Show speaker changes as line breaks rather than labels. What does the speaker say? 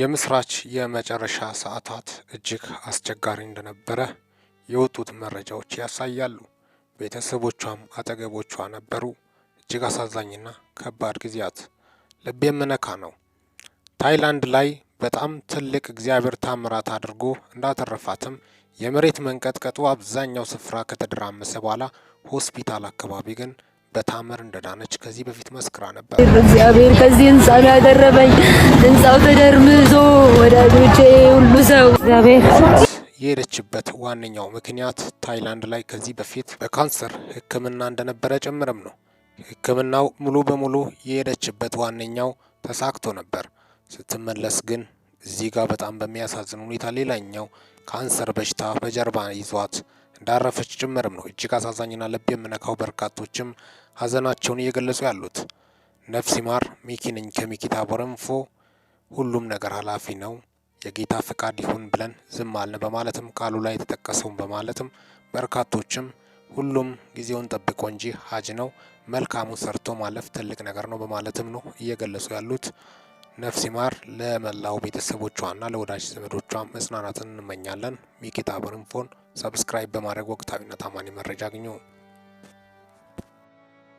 የምስራች የመጨረሻ ሰዓታት እጅግ አስቸጋሪ እንደነበረ የወጡት መረጃዎች ያሳያሉ። ቤተሰቦቿም አጠገቦቿ ነበሩ። እጅግ አሳዛኝና ከባድ ጊዜያት ልብ የምነካ ነው። ታይላንድ ላይ በጣም ትልቅ እግዚአብሔር ታምራት አድርጎ እንዳተረፋትም የመሬት መንቀጥቀጡ አብዛኛው ስፍራ ከተደራመሰ በኋላ ሆስፒታል አካባቢ ግን በታምር እንደዳነች ከዚህ በፊት መስክራ ነበር።
እግዚአብሔር ከዚህ ህንፃ ነው ያደረበኝ። ህንፃው ተደርምዞ ወዳጆቼ ሁሉ ሰው
እግዚአብሔር የሄደችበት ዋነኛው ምክንያት ታይላንድ ላይ ከዚህ በፊት በካንሰር ህክምና እንደነበረ ጭምርም ነው። ህክምናው ሙሉ በሙሉ የሄደችበት ዋነኛው ተሳክቶ ነበር። ስትመለስ ግን እዚህ ጋር በጣም በሚያሳዝን ሁኔታ ሌላኛው ካንሰር በሽታ በጀርባ ይዟት እንዳረፈች ጭምርም ነው እጅግ አሳዛኝና ልብ የምነካው። በርካቶችም ሀዘናቸውን እየገለጹ ያሉት ነፍስ ይማር። ሚኪ ነኝ ከሚኪ ታቦር ኢንፎ። ሁሉም ነገር ኃላፊ ነው የጌታ ፍቃድ ይሁን ብለን ዝም አልን በማለትም ቃሉ ላይ የተጠቀሰውን በማለትም በርካቶችም ሁሉም ጊዜውን ጠብቆ እንጂ ሀጅ ነው መልካሙ ሰርቶ ማለፍ ትልቅ ነገር ነው በማለትም ነው እየገለጹ ያሉት። ነፍስ ይማር ለመላው ቤተሰቦቿና ለወዳጅ ዘመዶቿ መጽናናትን እንመኛለን። ሚኪ ታቦር ኢንፎን ሰብስክራይብ በማድረግ ወቅታዊና ታማኝ መረጃ አግኙ።